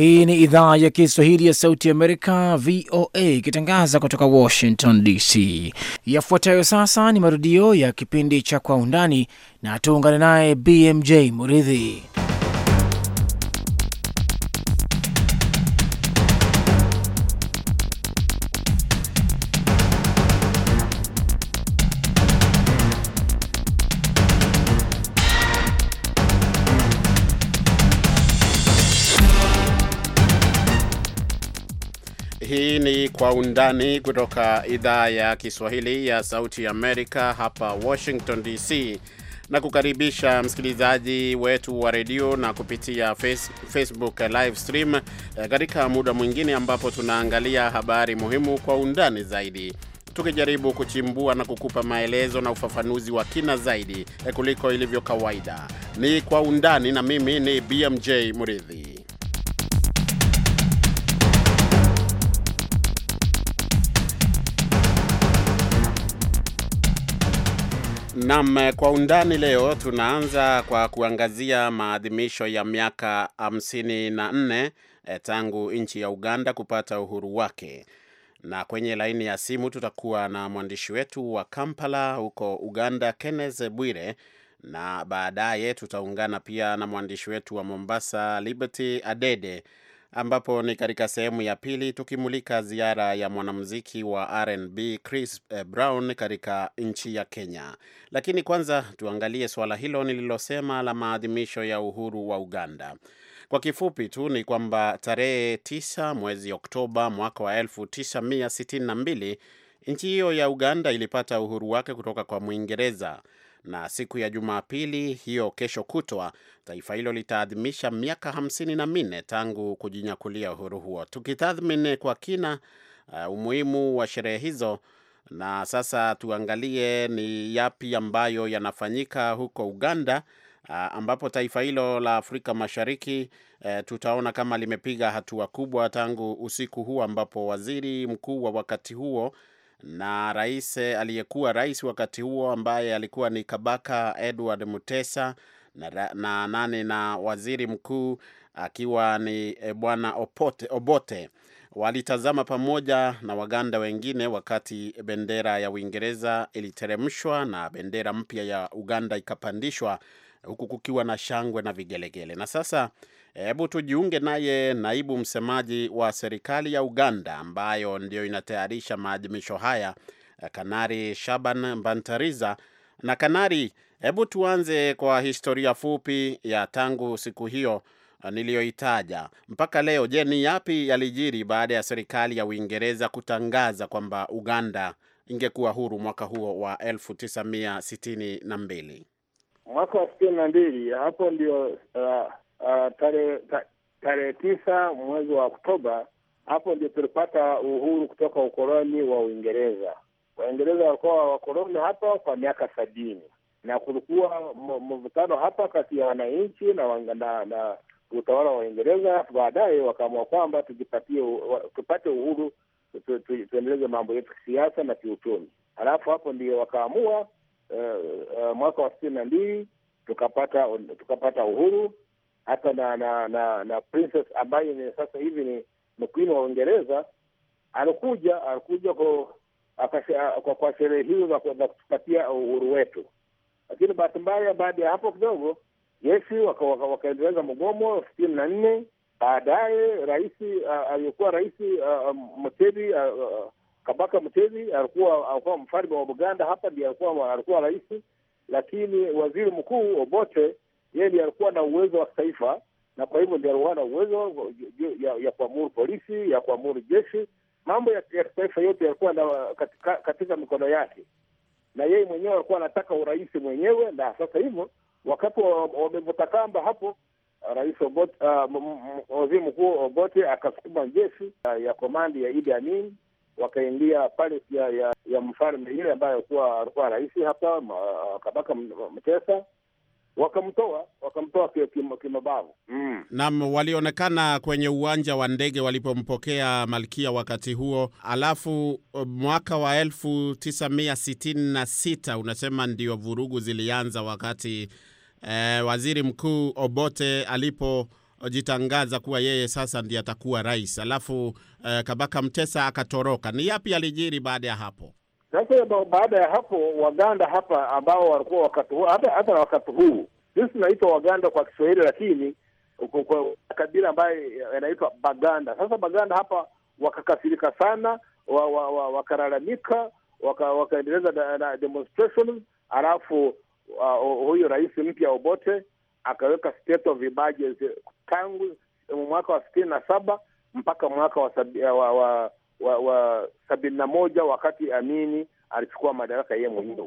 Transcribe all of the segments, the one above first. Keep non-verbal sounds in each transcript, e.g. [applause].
Hii ni idhaa ya Kiswahili ya Sauti ya Amerika, VOA, ikitangaza kutoka Washington DC. Yafuatayo sasa ni marudio ya kipindi cha Kwa Undani, na tuungane naye BMJ Muridhi. Kwa Undani kutoka idhaa ya Kiswahili ya Sauti Amerika hapa Washington DC, na kukaribisha msikilizaji wetu wa redio na kupitia face, Facebook live stream eh, katika muda mwingine ambapo tunaangalia habari muhimu kwa undani zaidi tukijaribu kuchimbua na kukupa maelezo na ufafanuzi wa kina zaidi eh, kuliko ilivyo kawaida. Ni Kwa Undani na mimi ni BMJ Muridhi. Naam, kwa undani leo tunaanza kwa kuangazia maadhimisho ya miaka hamsini na nne eh, tangu nchi ya Uganda kupata uhuru wake, na kwenye laini ya simu tutakuwa na mwandishi wetu wa Kampala huko Uganda, Kenneth Bwire, na baadaye tutaungana pia na mwandishi wetu wa Mombasa, Liberty Adede ambapo ni katika sehemu ya pili tukimulika ziara ya mwanamuziki wa RnB Chris eh, Brown katika nchi ya Kenya. Lakini kwanza tuangalie suala hilo nililosema la maadhimisho ya uhuru wa Uganda. Kwa kifupi tu ni kwamba tarehe 9 mwezi Oktoba mwaka wa 1962 nchi hiyo ya Uganda ilipata uhuru wake kutoka kwa Mwingereza na siku ya Jumapili hiyo kesho kutwa taifa hilo litaadhimisha miaka hamsini na minne tangu kujinyakulia uhuru huo. Tukitathmini kwa kina uh, umuhimu wa sherehe hizo, na sasa tuangalie ni yapi ambayo yanafanyika huko Uganda uh, ambapo taifa hilo la Afrika Mashariki uh, tutaona kama limepiga hatua kubwa tangu usiku huu ambapo waziri mkuu wa wakati huo na rais eh, aliyekuwa rais wakati huo ambaye alikuwa ni Kabaka Edward Mutesa na, na nani na waziri mkuu akiwa ni eh, bwana Obote walitazama pamoja na Waganda wengine wakati bendera ya Uingereza iliteremshwa na bendera mpya ya Uganda ikapandishwa huku kukiwa na shangwe na vigelegele. Na sasa Hebu tujiunge naye naibu msemaji wa serikali ya Uganda ambayo ndio inatayarisha maadhimisho haya, Kanari Shaban Bantariza. Na Kanari, hebu tuanze kwa historia fupi ya tangu siku hiyo niliyoitaja mpaka leo. Je, ni yapi yalijiri baada ya serikali ya Uingereza kutangaza kwamba Uganda ingekuwa huru mwaka huo wa elfu tisa mia sitini na mbili mwaka wa sitini na mbili hapo ndio uh, uh, ah, tarehe tarehe tisa mwezi wa Oktoba. Hapo ndio tulipata uhuru kutoka ukoloni wa Uingereza. Waingereza walikuwa wakoloni hapa kwa miaka sabini na kulikuwa mvutano hapa kati ya wananchi na, na, na utawala wa Uingereza. Baadaye wakaamua kwamba tujipatie tupate uhuru tuendeleze mambo yetu kisiasa na kiuchumi. Halafu hapo ndio wakaamua uh, uh, mwaka wa sitini na mbili tukapata tukapata uhuru hata na na na, na princess ambaye ni sasa hivi ni mkwini wa Uingereza alikuja alikuja kwa sherehe hizo za kutupatia uhuru wetu, lakini bahati mbaya, baada ya hapo kidogo jeshi wakaendeleza mgomo sitini na nne. Baadaye rais aliyekuwa rais Muteri Kabaka Muteri alikuwa alikuwa mfalme wa Buganda, hapa ndiye alikuwa rais, lakini waziri mkuu Obote yeye ndiye alikuwa na uwezo wa kitaifa, na kwa hivyo ndiye alikuwa na uwezo ya, ya kuamuru polisi, ya kuamuru jeshi. Mambo ya kitaifa yote yalikuwa katika, katika mikono yake, na yeye mwenyewe alikuwa anataka urais mwenyewe. Na sasa hivyo wakati wamevuta kamba hapo, rais ah, waziri mkuu Obote akasukuma jeshi ah, ya komandi ya Idi Amin wakaingia pale ya, ya, ya mfalme ile ambayo alikuwa rais hapa Kabaka Mtesa wakamtoa wakamtoa kimabavu mm. walionekana kwenye uwanja wa ndege walipompokea malkia wakati huo. Alafu eh, mwaka wa elfu tisa mia sitini na sita unasema ndio vurugu zilianza wakati eh, waziri mkuu Obote alipojitangaza kuwa yeye sasa ndi atakuwa rais, alafu uh, Kabaka Mtesa akatoroka. Ni yapi alijiri baada ya hapo? Sasa baada ya hapo Waganda hapa ambao walikuwa wakati huu, hata na wakati huu sisi tunaitwa Waganda kwa Kiswahili, lakini kwa kabila ambayo yanaitwa Baganda. Sasa Baganda hapa wakakasirika sana, wakalalamika, wakaendeleza na demonstrations, alafu huyu rais mpya Obote akaweka state of emergency tangu mwaka wa sitini na saba mpaka mwaka wa wa, wa sabini na moja wakati Amini alichukua madaraka yeye mwenyewe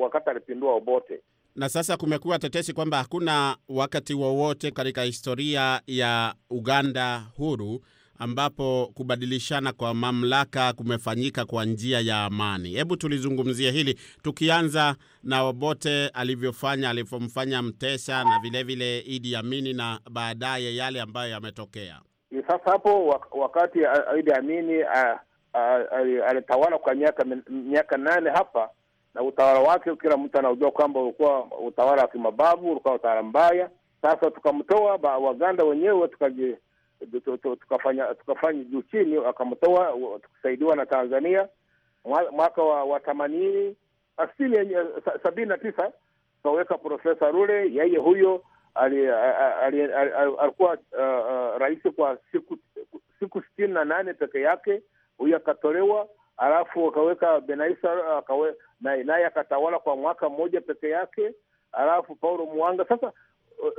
wakati alipindua Obote. Na sasa kumekuwa tetesi kwamba hakuna wakati wowote katika historia ya Uganda huru ambapo kubadilishana kwa mamlaka kumefanyika kwa njia ya amani. Hebu tulizungumzia hili tukianza na Obote alivyofanya, alivyomfanya Mtesa na vilevile Idi Amini na baadaye yale ambayo yametokea. Sasa hapo wakati Idi Amini alitawala kwa miaka miaka nane hapa, na utawala wake kila mtu anaujua kwamba ulikuwa utawala wa kimabavu, ulikuwa utawala mbaya. Sasa tukamtoa Waganda wenyewe tukaji tukafanya tukafanya juu chini, wakamtoa tukisaidiwa na Tanzania mwaka wa, wa themanini sabini na tisa tukaweka Profesa Rule, yeye huyo alikuwa rais kwa siku siku sitini na nane peke yake. Huyu akatolewa, alafu akaweka Benaisa naye akatawala kwa mwaka mmoja peke yake, alafu Paulo Mwanga. Sasa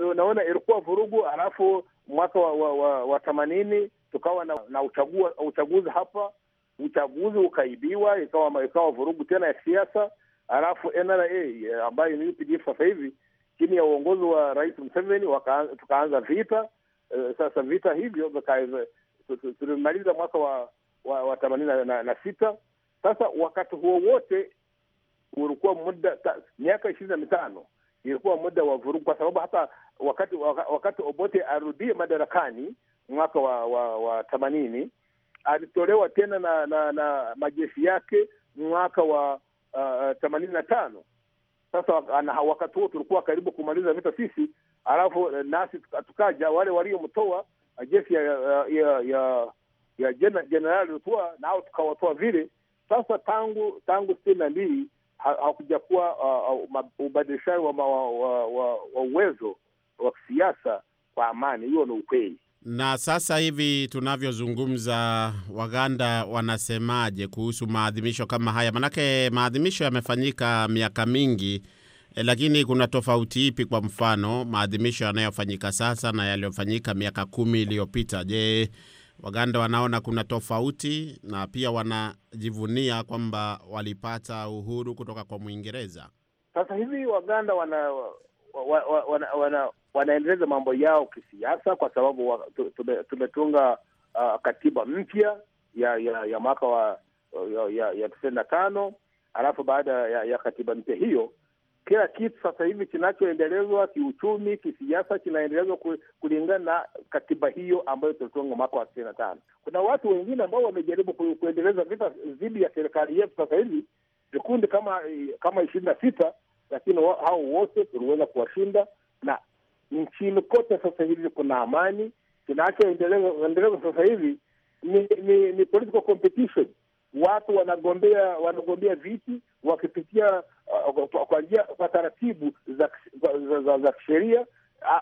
unaona ilikuwa vurugu, alafu mwaka wa, wa, wa, wa themanini tukawa na, na uchagua, uchaguzi hapa, uchaguzi ukaibiwa, ikawa ikawa vurugu tena ya siasa, alafu NRA ambayo ni UPDF sasa hivi chini ya uongozi wa Rais mseveni tukaanza vita uh, sasa vita hivyo tulimaliza mwaka wa, wa, wa themanini na, na sita. Sasa wakati huo wote ulikuwa muda miaka ishirini na mitano ilikuwa muda wa vurugu, kwa sababu hata wakati wakati Obote arudie madarakani mwaka wa wa, wa themanini alitolewa tena na, na, na majeshi yake mwaka wa uh, themanini uh, na tano. Sasa wakati huo tulikuwa karibu kumaliza vita sisi, alafu eh, nasi tukaja wale waliomtoa eh, jeshi ya ya ya ya jenerali Rutua, nao tukawatoa vile. Sasa tangu tangu sitini na mbili hakuja kuwa eh, ubadilishaji wa uwezo wa kisiasa kwa amani. Hiyo ni ukweli. Na sasa hivi tunavyozungumza, Waganda wanasemaje kuhusu maadhimisho kama haya? Manake maadhimisho yamefanyika miaka mingi e, lakini kuna tofauti ipi? Kwa mfano maadhimisho yanayofanyika sasa na yaliyofanyika miaka kumi iliyopita, je, Waganda wanaona kuna tofauti na pia wanajivunia kwamba walipata uhuru kutoka kwa Mwingereza? Sasa hivi Waganda wana wa, wa, wa, wa, wanaendeleza mambo yao kisiasa, kwa sababu tumetunga uh, katiba mpya ya ya, ya mwaka wa ya tisini na tano. Alafu baada ya, ya katiba mpya hiyo kila kitu sasa hivi kinachoendelezwa kiuchumi, kisiasa kinaendelezwa kulingana na katiba hiyo ambayo tulitunga mwaka wa tisini na tano. Kuna watu wengine ambao wamejaribu kuendeleza vita dhidi ya serikali yetu. Sasa hivi vikundi kama kama ishirini na sita lakini hao wote tuliweza kuwashinda, na nchini kote sasa hivi kuna amani. Kinachoendelezwa sasa hivi ni, ni, ni political competition. Watu wanagombea wanagombea viti wakipitia uh, kwa njia kwa taratibu za kisheria,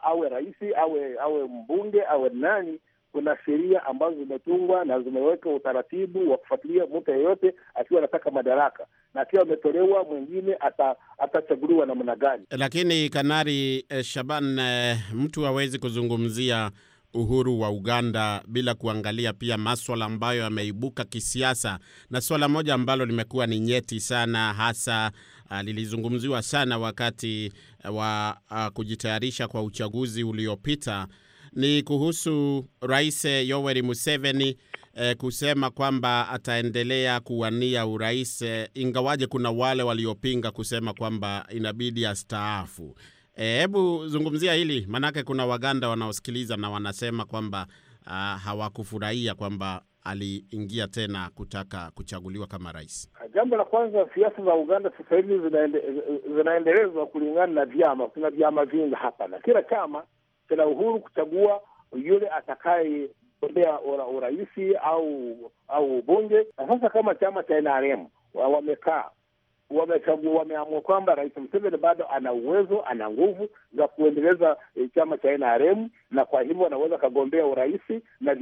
awe rais awe awe mbunge awe nani kuna sheria ambazo zimetungwa na zimeweka utaratibu wa kufuatilia mtu yeyote akiwa anataka madaraka na akiwa ametolewa mwingine atachaguliwa ata namna gani. Lakini Kanari eh, Shaban eh, mtu hawezi kuzungumzia uhuru wa Uganda bila kuangalia pia maswala ambayo yameibuka kisiasa, na swala moja ambalo limekuwa ni nyeti sana hasa ah, lilizungumziwa sana wakati eh, wa ah, kujitayarisha kwa uchaguzi uliopita ni kuhusu Rais eh, Yoweri Museveni eh, kusema kwamba ataendelea kuwania urais, eh, ingawaje kuna wale waliopinga kusema kwamba inabidi astaafu. Eh, hebu eh, zungumzia hili maanake, kuna Waganda wanaosikiliza na wanasema kwamba ah, hawakufurahia kwamba aliingia tena kutaka kuchaguliwa kama rais. Jambo la kwanza, siasa za Uganda sasa hivi zinaendelezwa kulingana na vyama. Kuna vyama vingi hapa na kila chama tuna uhuru kuchagua yule atakaye gombea urais au au ubunge. Na sasa kama chama cha NRM wamekaa wamechagua wameamua kwamba Rais Museveni bado ana uwezo, ana nguvu za kuendeleza e, chama cha NRM na kwa hivyo anaweza akagombea urais na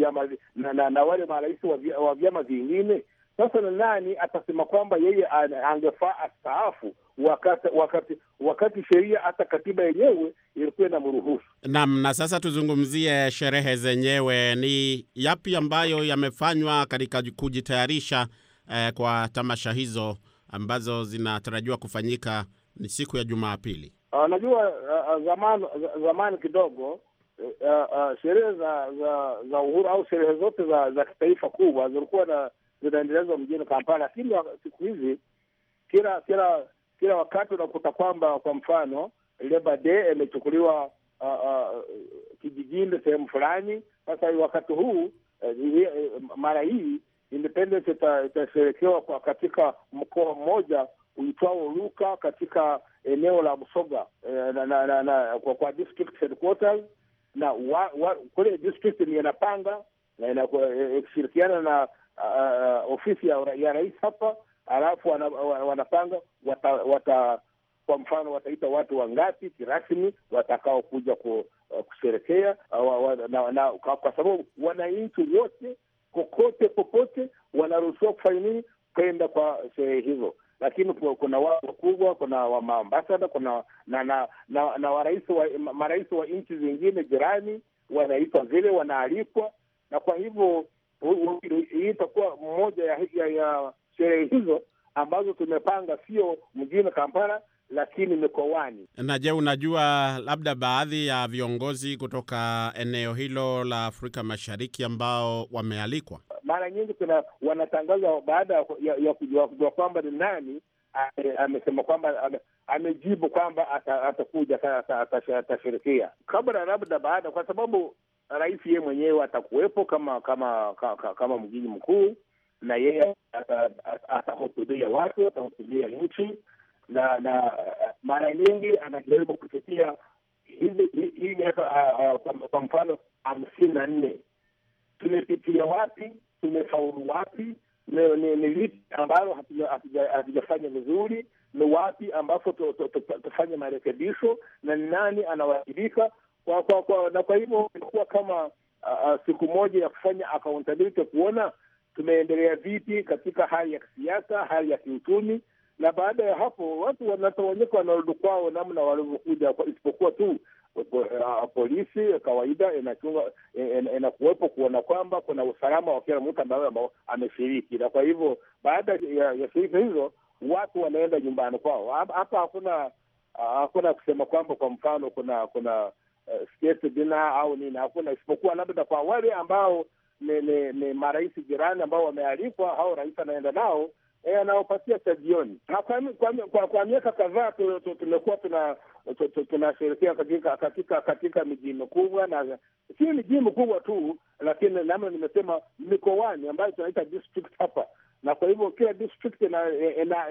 na, na, na wale marais wa vyama vingine sasa na nani atasema kwamba yeye angefaa astaafu wakati wakati wakati sheria hata katiba yenyewe ilikuwa inamruhusu nam. Na sasa tuzungumzie sherehe zenyewe, ni yapi ambayo yamefanywa katika kujitayarisha eh, kwa tamasha hizo ambazo zinatarajiwa kufanyika ni siku ya Jumapili. Ah, najua uh, zamani zamani kidogo Uh, uh, sherehe za, za za uhuru au sherehe zote za, za kitaifa kubwa zilikuwa na zinaendelezwa mjini Kampala, lakini siku hizi kila kila kila wakati unakuta kwamba kwa mfano Labor Day imechukuliwa uh, uh, kijijini sehemu fulani. Sasa wakati huu uh, mara hii independence itasherekewa ita katika mkoa mmoja uitwao Luka katika eneo la Busoga eh, na, na, na, na, kwa, kwa district headquarters na wa, wa, kule district ni inapanga na inashirikiana eh, na Uh, uh, ofisi ya, ya rais hapa, alafu wanapanga wata, wata kwa mfano wataita watu wangapi kirasmi watakaokuja ku, uh, kusherekea uh, kwa sababu wananchi wote kokote popote wanaruhusiwa kufanya nini, kwenda kwa sherehe hizo. Lakini kuna watu wakubwa, kuna wamaambasada, kuna na, na, na, na warais wa, wa nchi zingine jirani wanaitwa vile, wanaalikwa na kwa hivyo hii itakuwa moja ya, ya, ya sherehe hizo ambazo tumepanga sio mjini Kampala lakini mikoani. Na je, unajua labda baadhi ya viongozi kutoka eneo hilo la Afrika Mashariki ambao wamealikwa? Mara nyingi kuna wanatangazwa baada ya, ya kujua kwamba ni nani amesema kwamba amejibu kwamba atakuja atashirikia kabla labda baada, kwa sababu rais yeye mwenyewe atakuwepo kama kama kama, kama mgeni mkuu, na yeye atahutubia watu, atahutubia nchi, na na mara nyingi anajaribu kupitia hii miaka kwa mfano hamsini na nne tumepitia wapi, tumefaulu wapi, ni vipi ambalo hatujafanya vizuri, ni wapi ambapo tufanye marekebisho, na ni nani anawajibika kwa, kwa, kwa, na kwa hivyo ilikuwa kama uh, siku moja ya kufanya accountability, kuona tumeendelea vipi katika hali ya kisiasa, hali ya kiuchumi, na baada ya hapo watu wanatawanyika, wanarudi kwao namna walivyokuja, isipokuwa tu polisi kawaida inachunga e, e, inakuwepo kuona kwamba kuna usalama wa kila mtu ambaye ameshiriki. Na kwa hivyo baada ya, ya shirika hizo watu wanaenda nyumbani kwao. Hapa hakuna hakuna kusema kwamba kwa mfano kuna kuna state bila au nini, hakuna isipokuwa labda kwa wale ambao ni, ni, ni marais jirani ambao wamealikwa au rais anaenda nao eh, anaopatia cha jioni. Kwa miaka kadhaa tumekuwa tunashirikia katika katika katika miji mikubwa, na si miji mikubwa tu, lakini namna nimesema mikoani ambayo tunaita district hapa, na kwa hivyo kila district ina ina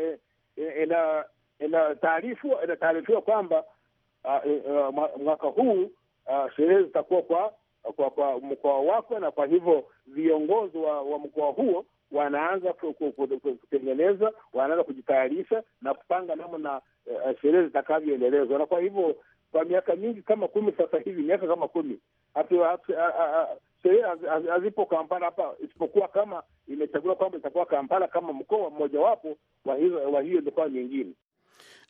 ina inataarifiwa kwamba uh, uh, mwaka huu uh, sherehe zitakuwa kwa kwa, kwa mkoa wako, na kwa hivyo viongozi wa, wa mkoa huo wanaanza kutengeneza, wanaanza kujitayarisha na kupanga namna uh, sherehe zitakavyoendelezwa. Na kwa hivyo kwa miaka mingi kama kumi sasa hivi, miaka kama kumi, sherehe hazipo Kampala hapa, isipokuwa kama imechaguliwa kwamba itakuwa Kampala kama mkoa mmojawapo wa hiyo mikoa mingine.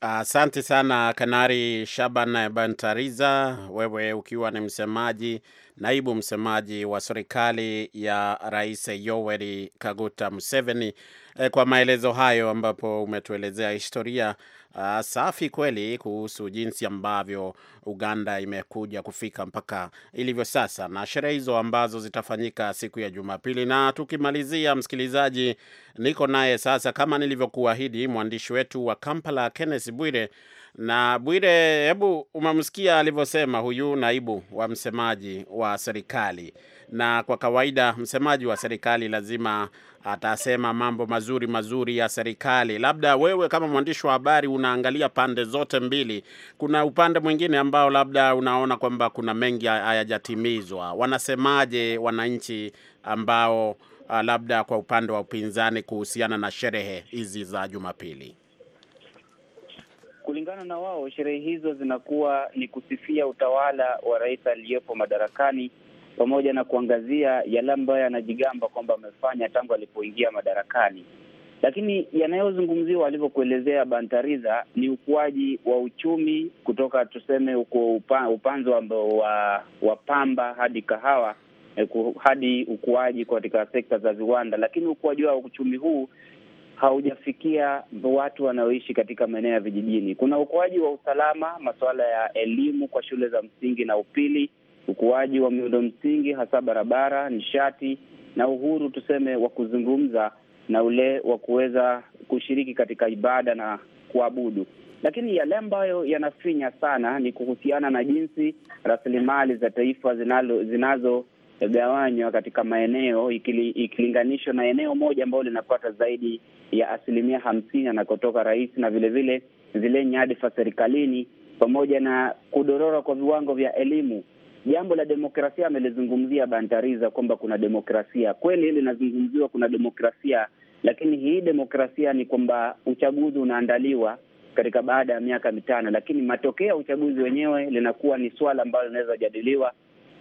Asante uh, sana Kanari Shaban Bantariza, wewe ukiwa ni msemaji, naibu msemaji wa serikali ya Rais Yoweri Kaguta Museveni Eh, kwa maelezo hayo, ambapo umetuelezea historia uh, safi kweli kuhusu jinsi ambavyo Uganda imekuja kufika mpaka ilivyo sasa na sherehe hizo ambazo zitafanyika siku ya Jumapili. Na tukimalizia, msikilizaji, niko naye sasa kama nilivyokuahidi mwandishi wetu wa Kampala Kenneth Bwire. Na Bwire, hebu umemsikia alivyosema huyu naibu wa msemaji wa serikali na kwa kawaida msemaji wa serikali lazima atasema mambo mazuri mazuri ya serikali. Labda wewe kama mwandishi wa habari unaangalia pande zote mbili, kuna upande mwingine ambao labda unaona kwamba kuna mengi hayajatimizwa. Wanasemaje wananchi ambao ah, labda kwa upande wa upinzani kuhusiana na sherehe hizi za Jumapili? Kulingana na wao, sherehe hizo zinakuwa ni kusifia utawala wa rais aliyepo madarakani pamoja na kuangazia yale ambayo yanajigamba kwamba amefanya tangu alipoingia madarakani. Lakini yanayozungumziwa alivyokuelezea Bantariza ni ukuaji wa uchumi kutoka tuseme uko upa, upanzo wa, wa pamba hadi kahawa e, hadi ukuaji katika sekta za viwanda, lakini ukuaji wa uchumi huu haujafikia watu wanaoishi katika maeneo ya vijijini. Kuna ukuaji wa usalama, masuala ya elimu kwa shule za msingi na upili ukuaji wa miundo msingi, hasa barabara, nishati na uhuru tuseme wa kuzungumza na ule wa kuweza kushiriki katika ibada na kuabudu. Lakini yale ambayo yanafinya sana ni kuhusiana na jinsi rasilimali za taifa zinazogawanywa katika maeneo ikili, ikilinganishwa na eneo moja ambayo linapata zaidi ya asilimia hamsini anakotoka rais na vilevile vile zile nyadhifa serikalini pamoja na kudorora kwa viwango vya elimu Jambo la demokrasia amelizungumzia Bantariza kwamba kuna demokrasia kweli, linazungumziwa kuna demokrasia, lakini hii demokrasia ni kwamba uchaguzi unaandaliwa katika baada ya miaka mitano, lakini matokeo ya uchaguzi wenyewe linakuwa ni swala ambalo linaweza jadiliwa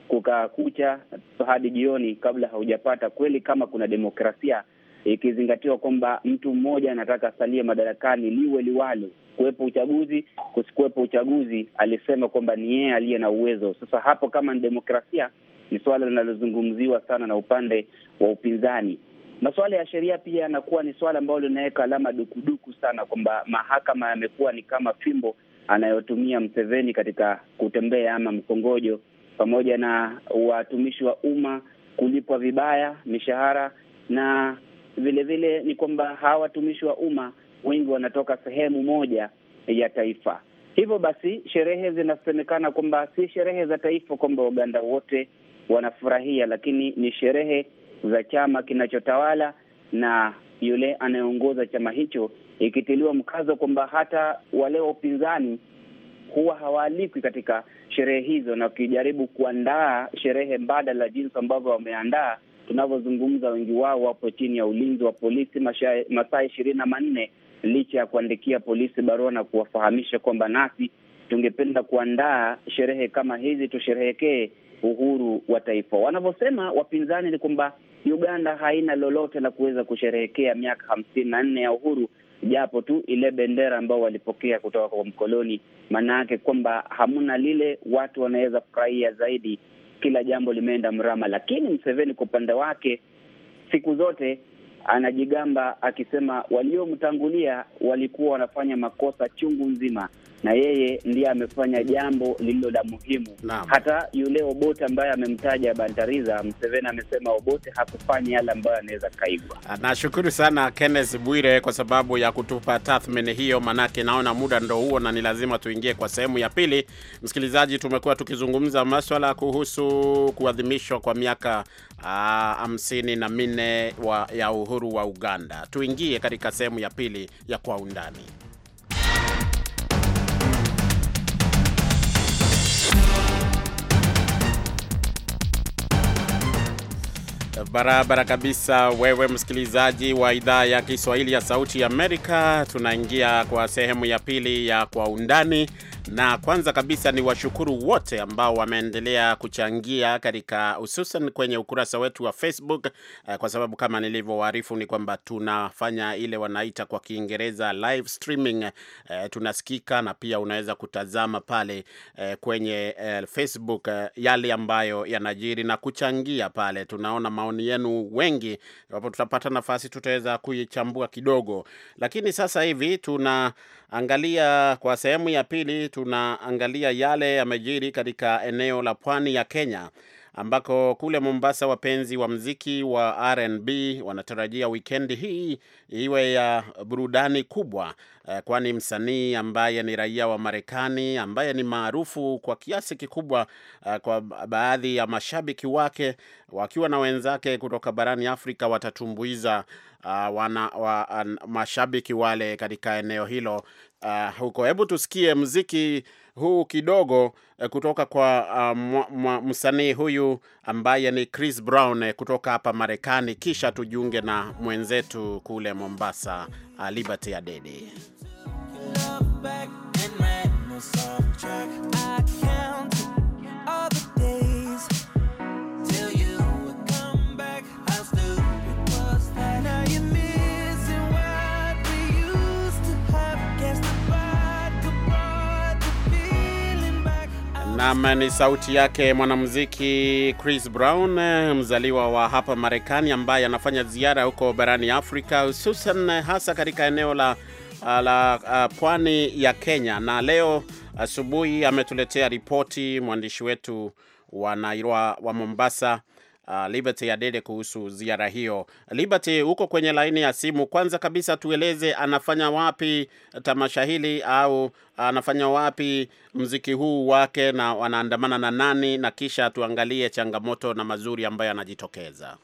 kukaa kucha hadi jioni kabla haujapata kweli kama kuna demokrasia ikizingatiwa kwamba mtu mmoja anataka asalie madarakani liwe liwalo, kuwepo uchaguzi, kusikuwepo uchaguzi. Alisema kwamba ni yeye aliye na uwezo. Sasa hapo, kama ni demokrasia, ni suala linalozungumziwa sana na upande wa upinzani. Masuala ya sheria pia yanakuwa ni suala ambalo linaweka alama dukuduku sana, kwamba mahakama yamekuwa ni kama fimbo anayotumia Mseveni katika kutembea ama mkongojo, pamoja na watumishi wa umma kulipwa vibaya mishahara na vilevile ni kwamba hawa watumishi wa umma wengi wanatoka sehemu moja ya taifa. Hivyo basi sherehe zinasemekana kwamba si sherehe za taifa, kwamba Waganda wote wanafurahia, lakini ni sherehe za chama kinachotawala na yule anayeongoza chama hicho, ikitiliwa mkazo kwamba hata wale wa upinzani huwa hawaalikwi katika sherehe hizo, na wakijaribu kuandaa sherehe mbadala jinsi ambavyo wameandaa tunavyozungumza, wengi wao wapo chini ya ulinzi wa polisi masaa ishirini na manne licha ya kuandikia polisi barua na kuwafahamisha kwamba nasi tungependa kuandaa sherehe kama hizi tusherehekee uhuru wa taifa. Wanavyosema wapinzani ni kwamba Uganda haina lolote la kuweza kusherehekea miaka hamsini na nne ya uhuru, japo tu ile bendera ambao walipokea kutoka kwa mkoloni. Maana yake kwamba hamna lile watu wanaweza furahia zaidi kila jambo limeenda mrama. Lakini Mseveni kwa upande wake siku zote anajigamba akisema waliomtangulia walikuwa wanafanya makosa chungu nzima, na yeye ndiye amefanya jambo lililo la muhimu. Hata yule Obote ambaye amemtaja Bantariza, Mseveni amesema Obote hakufanya yale ambayo anaweza kaigwa. Ah, nashukuru sana kenes Bwire kwa sababu ya kutupa tathmini hiyo, manake naona muda ndo huo na ni lazima tuingie kwa sehemu ya pili. Msikilizaji, tumekuwa tukizungumza maswala kuhusu kuadhimishwa kwa miaka ah, hamsini na minne ya uhuru wa Uganda. Tuingie katika sehemu ya pili ya kwa undani. Barabara kabisa, wewe msikilizaji wa idhaa ya Kiswahili ya Sauti ya Amerika. Tunaingia kwa sehemu ya pili ya Kwa Undani na kwanza kabisa ni washukuru wote ambao wameendelea kuchangia katika hususan kwenye ukurasa wetu wa Facebook, eh, kwa sababu kama nilivyowaarifu ni kwamba tunafanya ile wanaita kwa Kiingereza live streaming. Eh, tunasikika na pia unaweza kutazama pale eh, kwenye Facebook yale ambayo yanajiri na kuchangia pale. Tunaona maoni yenu wengi, iwapo tutapata nafasi tutaweza kuichambua kidogo, lakini sasa hivi tunaangalia kwa sehemu ya pili tunaangalia yale yamejiri katika eneo la pwani ya Kenya ambako kule Mombasa wapenzi wa mziki wa RnB wanatarajia wikendi hii iwe ya burudani kubwa, eh, kwani msanii ambaye ni raia wa Marekani ambaye ni maarufu kwa kiasi kikubwa eh, kwa baadhi ya mashabiki wake wakiwa na wenzake kutoka barani Afrika watatumbuiza eh, wana, wa, mashabiki wale katika eneo hilo uh, huko. Hebu tusikie mziki huu kidogo eh, kutoka kwa uh, msanii huyu ambaye ni Chris Brown eh, kutoka hapa Marekani, kisha tujiunge na mwenzetu kule Mombasa, uh, Liberty Adede. Nam ni sauti yake mwanamuziki Chris Brown, mzaliwa wa hapa Marekani, ambaye anafanya ziara huko barani Afrika, hususan hasa katika eneo la, la uh, pwani ya Kenya. Na leo asubuhi ametuletea ripoti mwandishi wetu wa Nairobi wa Mombasa uh, Liberty Adede kuhusu ziara hiyo. Liberty, huko kwenye laini ya simu, kwanza kabisa tueleze anafanya wapi tamasha hili au anafanya wapi mziki huu wake na wanaandamana na nani, na kisha tuangalie changamoto na mazuri ambayo yanajitokeza.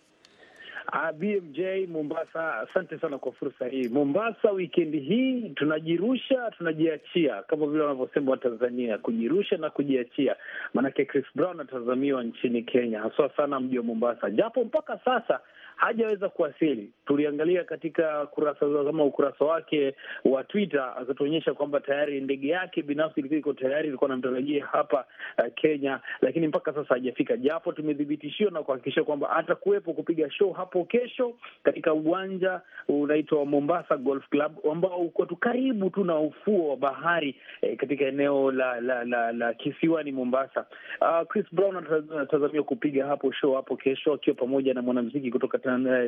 Uh, ah, BMJ Mombasa, asante sana kwa fursa hii. Mombasa wikendi hii tunajirusha, tunajiachia kama vile wanavyosema Watanzania, kujirusha na kujiachia. Maanake Chris Brown atazamiwa nchini Kenya, haswa sana mji wa Mombasa, japo mpaka sasa hajaweza kuwasili. Tuliangalia katika kurasa kama ukurasa wake wa Twitter, akatuonyesha kwamba tayari ndege yake binafsi ilikuwa iko tayari, ilikuwa namtarajia hapa uh, Kenya, lakini mpaka sasa hajafika, japo tumethibitishiwa na kuhakikisha kwamba atakuwepo kupiga show hapo kesho katika uwanja unaitwa Mombasa Golf Club ambao uko tu karibu tu na ufuo wa bahari eh, katika eneo la la la, la kisiwani Mombasa. Uh, Chris Brown anatazamia kupiga hapo show hapo kesho akiwa pamoja na mwanamziki kutoka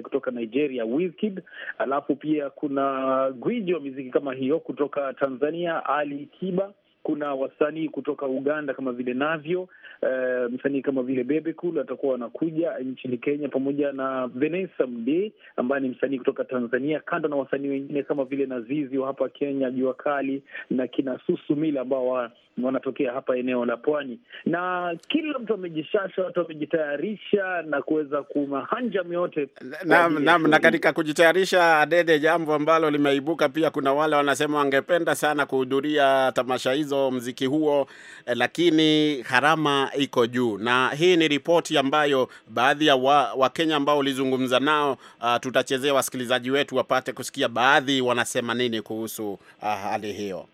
kutoka Nigeria Wizkid, alafu pia kuna gwiji wa miziki kama hiyo kutoka Tanzania Ali Kiba kuna wasanii kutoka Uganda kama vile Navyo, uh, eh, msanii kama vile Bebekul atakuwa wanakuja nchini Kenya, pamoja na Vanessa Mdee ambaye ni msanii kutoka Tanzania, kando na wasanii wengine kama vile Nazizi wa hapa Kenya, Jua Kali na kina Susumila ambao wanatokea hapa eneo la pwani, na kila mtu amejishasha, watu wamejitayarisha na kuweza kumahanjam yote nam nam. Na katika kujitayarisha, Adede, jambo ambalo limeibuka pia, kuna wale wanasema wangependa sana kuhudhuria tamasha hizo hizo mziki huo, eh, lakini gharama iko juu, na hii ni ripoti ambayo baadhi ya Wakenya wa ambao ulizungumza nao uh, tutachezea wasikilizaji wetu wapate kusikia baadhi wanasema nini kuhusu uh, hali hiyo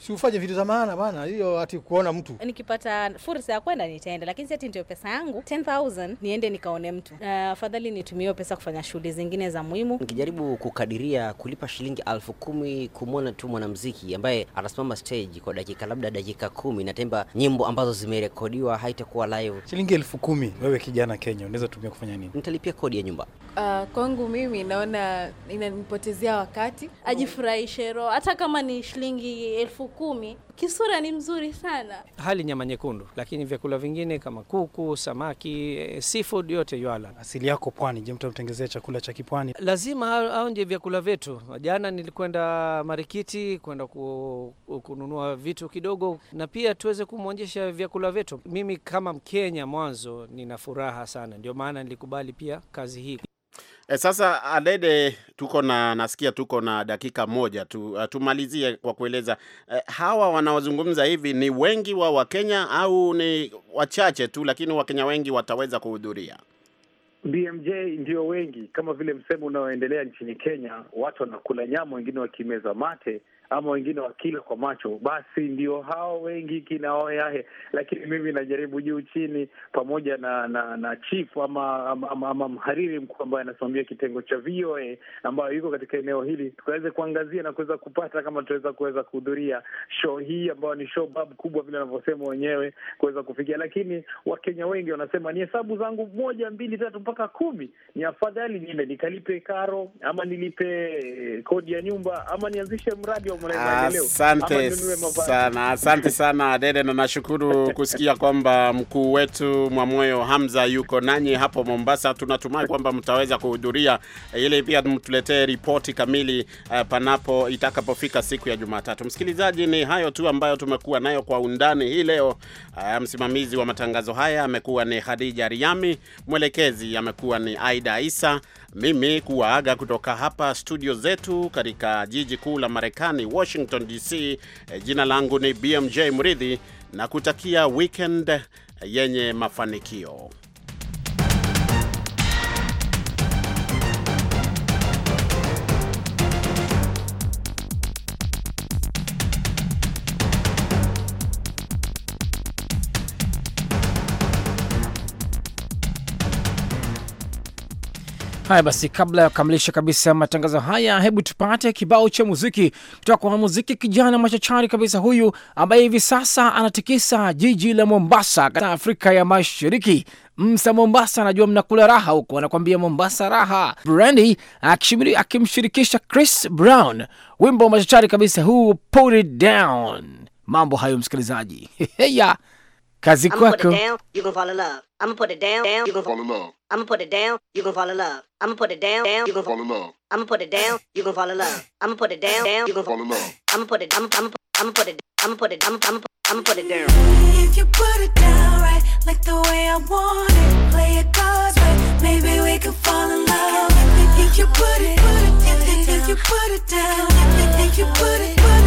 si ufanye vitu za maana bana, hiyo ati kuona mtu. Nikipata fursa ya kwenda nitaenda, lakini si ati ndio pesa yangu 10000 niende nikaone mtu. Eh, afadhali uh, nitumie pesa kufanya shughuli zingine za muhimu. Nikijaribu kukadiria kulipa shilingi elfu kumi kumwona tu mwanamuziki ambaye anasimama stage kwa dakika labda dakika kumi natemba nyimbo ambazo zimerekodiwa, haitakuwa live. Shilingi elfu kumi wewe kijana Kenya unaweza tumia kufanya nini? Nitalipia kodi ya nyumba. Uh, kwangu mimi naona inanipotezea wakati, ajifurahishe roho, hata kama ni shilingi elfu kumi. Kisura ni mzuri sana, hali nyama nyekundu, lakini vyakula vingine kama kuku, samaki, eh, seafood yote yuala. Asili yako pwani, je, mtamtengezea chakula cha kipwani? Lazima aonje vyakula vyetu. Jana nilikwenda marikiti kwenda ku, kununua vitu kidogo, na pia tuweze kumwonyesha vyakula vyetu. Mimi kama Mkenya mwanzo nina furaha sana, ndio maana nilikubali pia kazi hii. E, sasa Adede, tuko na nasikia tuko na dakika moja tu, uh, tumalizie kwa kueleza uh, hawa wanaozungumza hivi ni wengi wa Wakenya au ni wachache tu, lakini Wakenya wengi wataweza kuhudhuria? BMJ ndio wengi, kama vile msemo unaoendelea nchini Kenya, watu wanakula nyama, wengine wakimeza mate ama wengine wakila kwa macho, basi ndio hao wengi Oyahe. Lakini mimi najaribu juu chini, pamoja na na, na chief ama, ama, ama, ama mhariri mkuu ambaye anasimamia kitengo cha VOA ambayo yuko katika eneo hili, tukaweze kuangazia na kuweza kupata kama tutaweza kuweza kuhudhuria show hii ambayo ni show bab kubwa vile wanavyosema wenyewe kuweza kufikia. Lakini Wakenya wengi wanasema ni hesabu zangu moja mbili tatu mpaka kumi, ni afadhali niende nikalipe karo ama nilipe kodi ya nyumba ama nianzishe mradi wa Ah, asante sana, asante sana Dede, na nashukuru kusikia kwamba mkuu wetu Mwamoyo Hamza yuko nanyi hapo Mombasa. Tunatumai kwamba mtaweza kuhudhuria ili pia mtuletee ripoti kamili uh, panapo itakapofika siku ya Jumatatu. Msikilizaji, ni hayo tu ambayo tumekuwa nayo kwa undani hii leo. Uh, msimamizi wa matangazo haya amekuwa ni Khadija Riami, mwelekezi amekuwa ni Aida Isa mimi kuwaaga kutoka hapa studio zetu katika jiji kuu la Marekani, Washington DC. E, jina langu ni BMJ Mridhi na kutakia weekend yenye mafanikio. Haya basi, kabla ya kukamilisha kabisa matangazo haya, hebu tupate kibao cha muziki kutoka kwa muziki kijana machachari kabisa huyu ambaye hivi sasa anatikisa jiji la Mombasa katika Afrika ya Mashariki. Msa Mombasa, anajua mnakula raha huko, anakuambia Mombasa raha. Brandy akimshirikisha Chris Brown, wimbo machachari kabisa huu, put it down. Mambo hayo msikilizaji, [laughs] Kazi kwako. You gonna fall in love. I'm gonna put it down, down. You gonna fall in love. I'm gonna put it down. You gonna fall in love. I'm gonna put it down, down. You gonna fall in love. I'm gonna put it down. You gonna fall in love. I'm gonna put it down, down. You gonna fall in love. I'm gonna put it. I'm. I'm. I'm gonna put it. I'm gonna put it. I'm. I'm. I'm gonna put it down. If you put it down right, like the way I want it, play it cards right. Maybe we fall in love. If you put it, put it, if you put it down, if you put it, put it.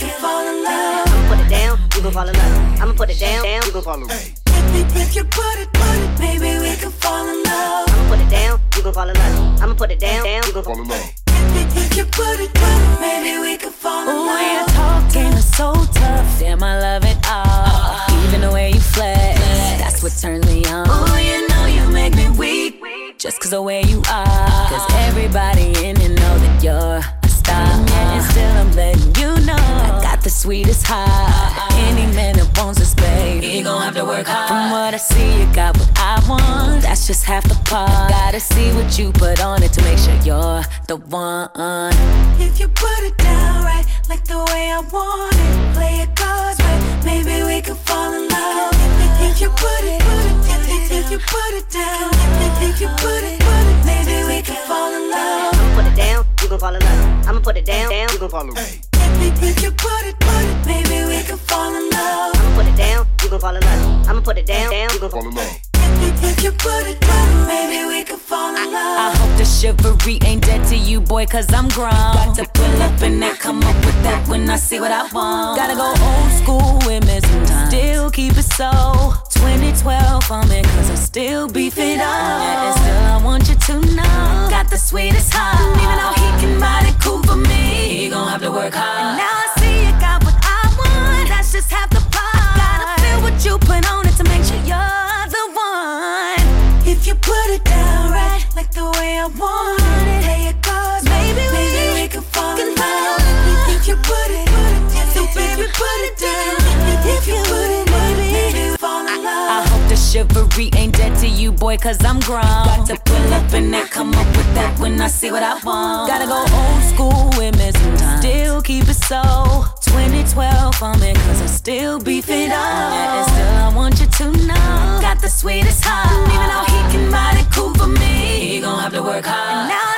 I'ma put it down, you gon' fall in love. I'ma put it down, you gon' fall in love. put it, put it, we can fall in love. I'ma put it down, you gon' fall in love. I'ma put it down, you gon' fall in love. put it, put it, we can fall in love. Ooh, talk game so tough. Damn, I love it all. Even the way you flex, that's what turns me on. Ooh, you know you make me weak. you are. Cause everybody in it know that you're and still I'm letting you know I got the sweetest high. Any man that wants this, babe, he gon' have to work hard. From what I see, you got what I want. That's just half the part. Gotta see what you put on it to make sure you're the one. If you put it down right, like the way I want it, play it cards right, maybe we could fall in love. If you put it, if you put it down, if you put it, put it maybe we can fall in love. Put it down, you gon' fall in love. I'ma put it down, down, you gon' fall in love. If you put it, put it, maybe we can fall in love. I'ma put it down, you gon' fall in love. I'ma put it down, down, you gon' fall in love. If you put it, put it, maybe we could I, I, hope the chivalry ain't dead to you, boy, cause I'm grown. Got to pull up and then come up with that when I see what I want. Gotta go old school with me sometimes. Still keep it so. 2012 on me, cause I still beef it up. And still, I want you to know. Got the sweetest heart. Even though he can ride it cool for me, he gon' have to work hard. And now I see you got what I want. That's just half the part. gotta feel what you put on way I want it. Hey, it goes. Maybe, maybe we, can fall in love. You think you put it, put it down. So baby, put it down. If you put it, maybe fall in love. I, hope the chivalry ain't dead to you, boy, cause I'm grown. Got to pull up and then come up with that when I see what I want. Gotta go old school with me sometimes. Still keep it so. 2012, I'm in, cause I still beef it up. And still, I want you to know. Got the sweetest heart. Even though he can ride it cool for me don't have to work hard.